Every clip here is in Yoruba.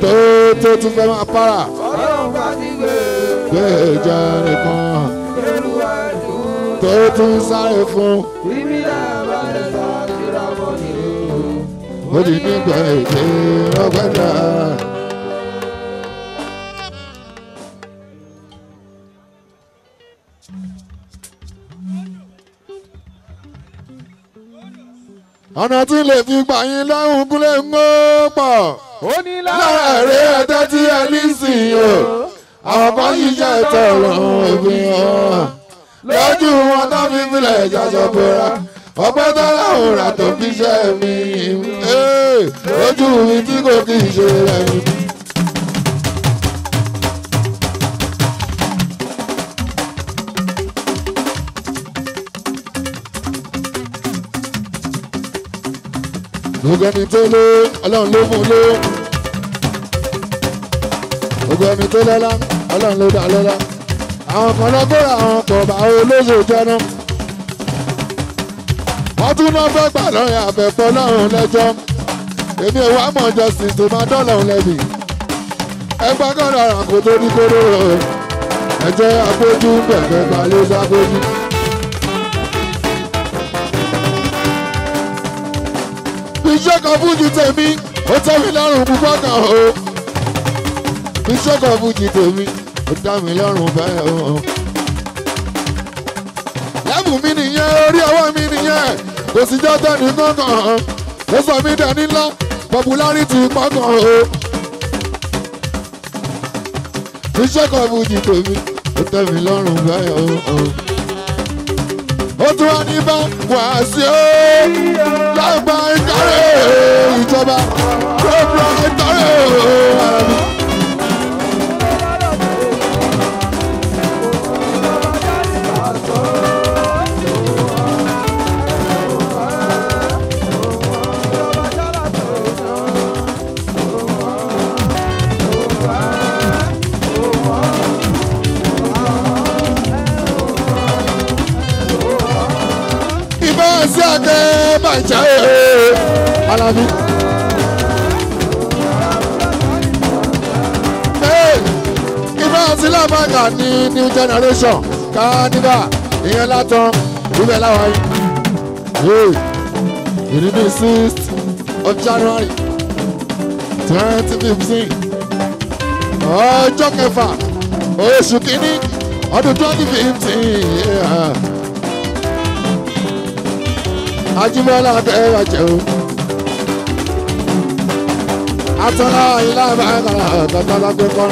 tó tó tún fẹ́ máa para. ọlọ́run bá ti gbé. gbé ìjà nìkan. olúwa dùn. tó tún sáré fún. bíbí àbálẹ̀ sá síra bọ̀ ni o. ó di nígbà èdè ọgbẹ́dà. ọ̀nà tí lè fi gbà yín lọ́rùn kúlẹ̀ ń gbọ́ pọ̀ ó ní láàárẹ̀ ẹ̀dá tí a ní sìn o àwọn kan yìí jẹ́ ìtọ̀rọ̀ òfin hàn lójú wọn tó fi filẹ̀ ìjàjọ bora ọgbẹ́ tó láwọn rà tó fi ṣẹ́ mi lójú mi tí kò kì í ṣe rẹ̀ gbogbo ẹni tó lé ọlọ́run ló mú lé gbogbo ẹni tó lọ́lá ọlọ́run ló dá lọ́lá àwọn kan lọ́gọ́rọ̀ àwọn kan bá olóṣò jẹ́nu wọ́n tún náà fẹ́ gbà lọ́rẹ̀ àfẹ́fọ́ lọ́rùn lẹ́jọ́ èmi ò wá mọ̀ justice tó máa dọ́lọ́run lẹ́bi ẹgbẹ́ kan lọ́ràn kó tó ní kóró rẹ̀ ẹ̀jẹ̀ àpójú bẹ̀rẹ̀ balẹ̀ sápójú. iṣẹ́ kan fún ju tèmi ó tẹ́ mi lọ́rùn púpọ̀ kan o iṣẹ́ kan fún ju tèmi ó tẹ́ mi lọ́rùn bẹ́ẹ̀ o. lẹ́bùn mi nìyẹn orí ọwọ́ mi nìyẹn kò sí jọ́ tẹ́ni kankan ó sọ mí dání ńlá popularity kankan o. iṣẹ́ kan fún ju tèmi ó tẹ́ mi lọ́rùn bẹ́ẹ̀ o ó tún wá ní bá wá sí ó lágbàá ìtàrẹ́ ìjọba tó bá ìtàrẹ́ àràbí. Hey, ní. ìfẹ́ àti lábàgà ní new generation Canada, kánívà ìyẹn látàn ìbẹ̀ láwọn the ìrírí th of January 2015. Oh, oh, I twenty fifteen ọjọ́ kẹfà oṣù kínní ọdún twenty fifteen ajímọ́lá abẹ́rẹ́ jẹun àtọ́lá ilá ìbáyọ̀kọ̀lá tọ́tọ́lá gbé kọ́.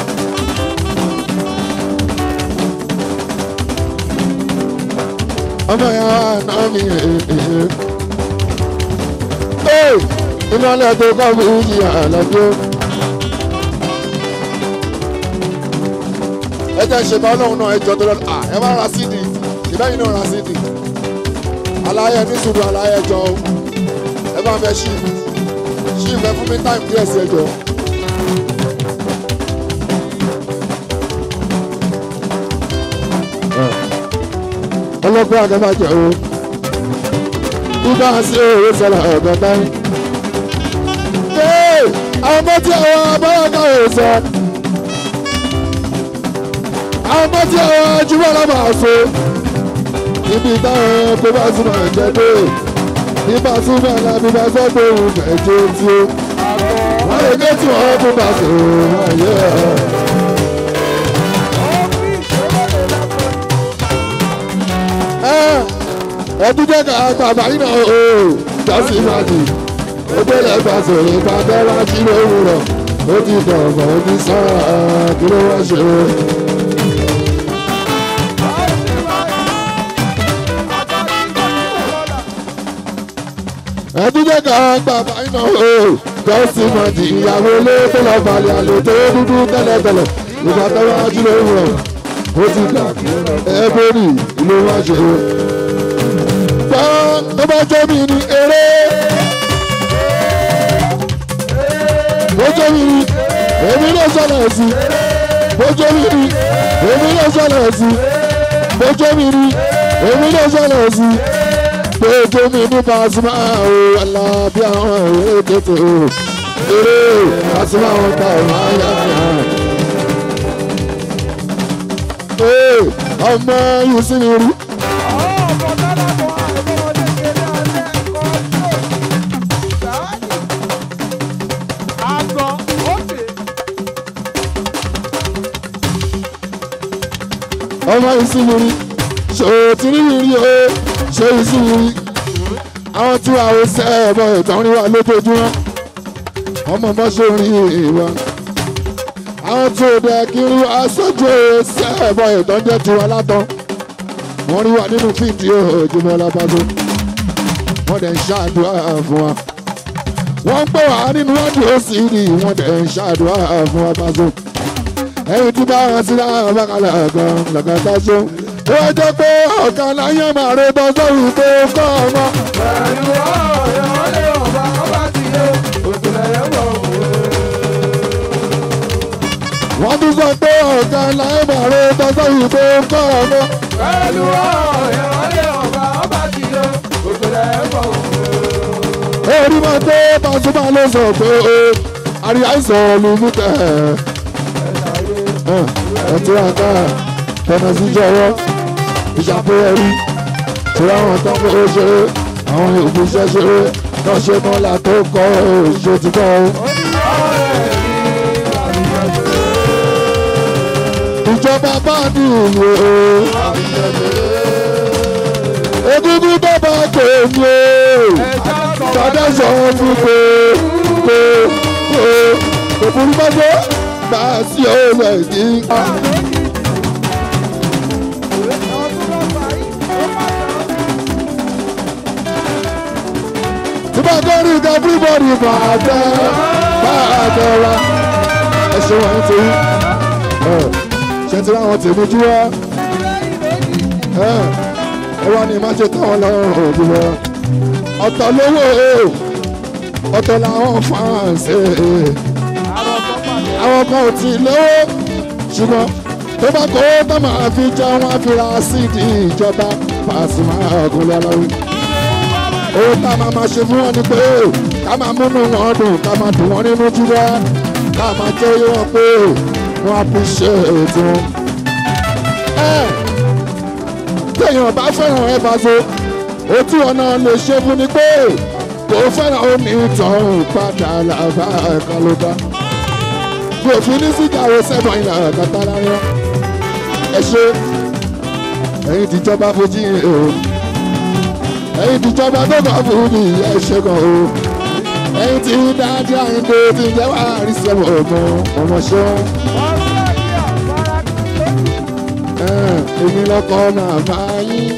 ọmọ ìyá náà mi ee eh, eh, eh. iná lẹ́gbẹ́ kọ́ mi yí àlọ́jọ́. ẹ jẹ́ ṣe bá ọlọ́run náà ẹ jọ tó lọ ẹ bá ra sídìí ìbẹ́yìn náà ra sídìí aláyẹ ní sùúrù aláyẹ jọ ẹ bá fẹ́ ṣí i ṣì fẹ́ fún mi time díẹ̀ sí ẹjọ́. ọlọ́pàá àgbà máa jẹ o bíbá sí èrè sọ̀rọ̀ ọ̀gá táyé. àwọn ọmọ tí àwọn abáyọ̀ká ò sọ àwọn ọmọ tí àwọn ajúmọ̀ lọ́mọ àfo ibi táwọn kó bá súnmọ́ ẹ̀jẹ̀ dé. Ibà tún bẹ̀ lábí bá sọ pé òun bẹ̀ tó tí ó. Wọ́n lè gé tí wọ́n tún bá sọ̀rọ̀ ayé ẹ̀. Ẹdún jẹ́ ká bàbá yìí náà o, jásí máa dì. Ó délẹ̀ bá sọ̀rọ̀ ìpàdé wá sí lówùrọ̀. Ó ti dọ̀gbọ̀n ní sáà kí ló wá ṣe o. jẹ́ ká bàbá iná o oh, jọ́sí mọ̀jì ìyàwó ilé tó lọ balẹ̀ àlè tó dúdú tẹ́lẹ̀tẹ́lẹ̀ ìgbà tẹ́wọ́ ajílẹ̀ rẹ̀ ó ti gbà ẹ́bọ̀rì ló wá ṣe o. tó bá jẹ́ mi ní eré tó mi ní èmi ló sọ̀rọ̀ sí tó mi ní èmi ló sọ̀rọ̀ sí tó mi ní èmi ló sọ̀rọ̀ sí pé tómi ní Pasuma o alábí àwọn òwe tètè o eré Pasuma wọn ta ọmọ ayá náà. ọmọ yìí sí mi rú. ọmọ ìsinmi rí ṣòtìrí mi rí o ṣé iṣu àwọn tí wàá wo sẹ́ ẹ̀bọ ìtàn rí wa lójoojúmọ́ ọmọ mọ́ ṣe orin ìwà àwọn tí ò dẹ̀ kí rí wa sójú sẹ́ ẹ̀bọ ìtàn jẹ́ tiwa látàn wọ́n rí wa nínú fíìtì ojúmọ́ lábàgbọ́ wọ́n dẹ̀ ń ṣàdúrà fún wa wọ́n pè wá nínú wádìí ó sì rí wọ́n dẹ̀ ń ṣàdúrà fún wa bàgbọ́ ẹ̀yìn tí bá wọn sí láwọn bá kalẹ̀ gan lọ́kàn tá tó wá jẹ́ pé ọ̀kan láyé máa rẹ bọ́ sọ́run tó kọ́ ọmọ. pẹ̀lú ọ̀yọ́ lé ọba ọba ti yé òtúlẹ̀ yẹn bọ̀ wọ́n tún sọ pé ọ̀kan láyé máa rẹ bọ́ sọ́run tó kọ́ ọmọ. pẹ̀lú ọ̀yọ́ lé ọba ọba ti yé òtúlẹ̀ yẹn bọ̀ orí máa tó Pasuma ló sọ pé o àríyá ìsọ̀rọ̀ lùmú tẹ̀ ẹ̀ ẹ̀ tí wọ́n ká tẹnu sí jọ̀wọ́ ìjàpọ̀ ẹ̀rí ìṣòro àwọn tó ń fowó ṣeré àwọn ìlú iṣẹ́ ṣeré náà ṣe mọ́ là tó kọ́ oṣù tí kọ́ o. ìjọba bá ní ìlú o egungun tó bá pè mí o tàdá sọ wọn fún pé pé pé òfurufú bá dé bá sí ọ̀rọ̀ ẹ̀dín. If I don't read everybody back there, back there. Ẹ ṣe wọ́n ti rí. Ṣé ti rí àwọn tèmi jú wá? Ẹ wá ní má ṣe táwọn lọ́rùn òbí wá. Ọ̀tọ̀ lówó o, ọ̀tọ̀ làwọn fáǹsì. Eh, eh. Àwọn kan ò tí ì lówó ṣùgbọ́n tó bá kó tó máa fi jẹun wá fi ra síìdì ìjọba Pasuma Ògúnlọ́lá ohun tá a máa máa ṣe fún wọn ni pé ká máa múnú wọn dùn ká máa dùn wọn nínú jíjẹ ká máa jẹ́ yé wọn pé wọ́n á fi ṣe ètò. ẹ téèyàn bá fẹ́ràn ẹ bá so ojú ọ̀nà lè ṣe fún ni pé kò fẹ́ràn omi ìtàn padà làbá ẹ̀ka ló bá kò fi ní síjàwó sẹ́mọ̀ ìlànà kàtàlá yẹn ẹ ṣe ẹ̀yin tìjọba fojú ẹ̀ o ẹ̀yin tìjọba tó bá fún mi ẹ ṣe gan o ẹ̀yin tí dájú àyíndé ti jẹ́ wà rí sẹ́wọ̀n ọ̀gbọ́n ọmọ ṣeun. èmi lọ́kọ́ màmá yín.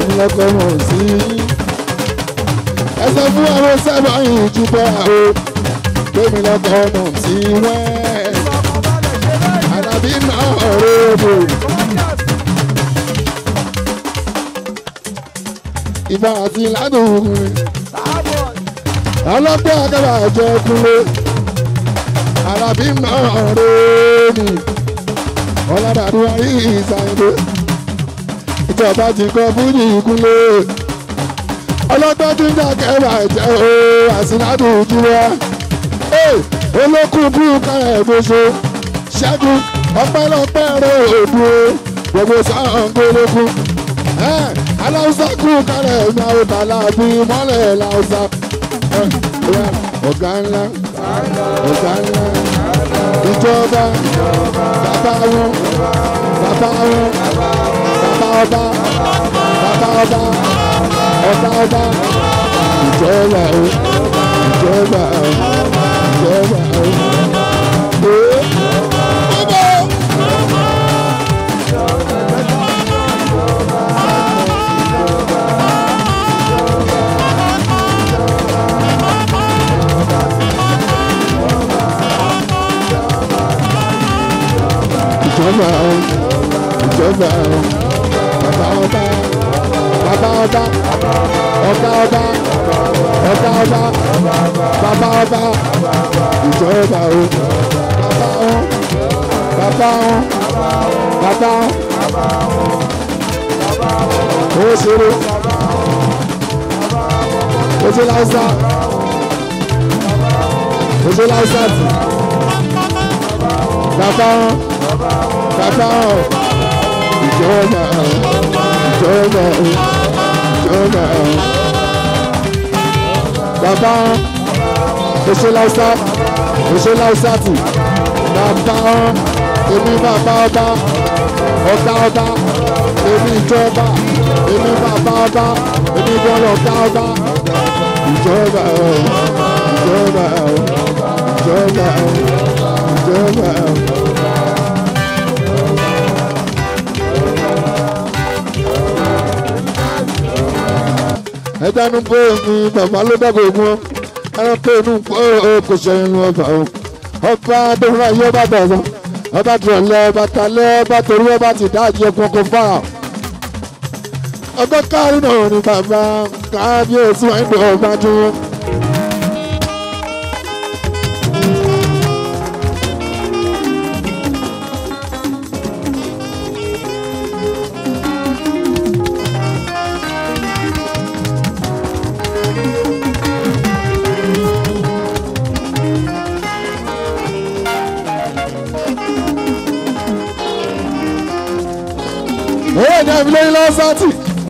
èmi lọ́kọ́ mọ̀ sí yín. ẹ sọ fún àwọn sẹ́wọ̀n yìí jùbọ̀ àwọn èmi lọ́kọ́ mọ̀ sí wẹ́ẹ̀. àdàbí náà rèébù. ìfà àti ládùúgbò ọlọ́pẹ́ agbára àjọ kúlé alábí máa rèéni ọ̀làdàdú ayé ìsàyẹ̀dẹ́ ìjọba ti kọ́ fújì kúlé ọlọ́pẹ́ tún dàkẹ́ bàjẹ́ o àsìládù jùlọ olókùn bú kára ẹ̀gbọ́sọ ṣẹ́gun ọpẹ́lọpẹ́ rẹ̀ òdu gbogbo sáà ń gbólógún aláwùsá kú kálẹ̀ ẹ̀mí àwòtálá bí mọ́lẹ̀ làwùsá. ọ̀gá ńlá ọ̀gá ńlá ìjọba bàbá wọn bàbá wọn bàbá ọba bàbá ọba ọba ọba ìjọba ìjọba. baba, ọba baba, ọba ọba ọba ọba ọba baba, ọba ìjọba o baba, wọn baba, wọn baba, wọn baba, ṣeré ó ṣe láìsá ó ṣe láìsá baba, bàbá baba, bàbá wọn ìjọba o jọba o jọba o bàbá oṣù láìsá oṣù láìsá tì bàbá ọ èmi bàbá ọba ọba ọba èmi ìjọba èmi bàbá ọba èmi bọ́lá ọba ọba ìjọba o ìjọba o ìjọba o ìjọba o. ẹja nu pé ogun bàbá ló dábò ogun ọ ẹran pé inú kò ṣẹyìn ọba o ọba adóhùnrà yóò bá bẹ̀rẹ̀ ọba tìrọ̀lẹ́ ọba talẹ́ ọba torí ọba ti dáàjì ẹkùn kò fà ọba káàrin náà ni bàbá káàbíyèsí wáyé ọba dúró. Násátì.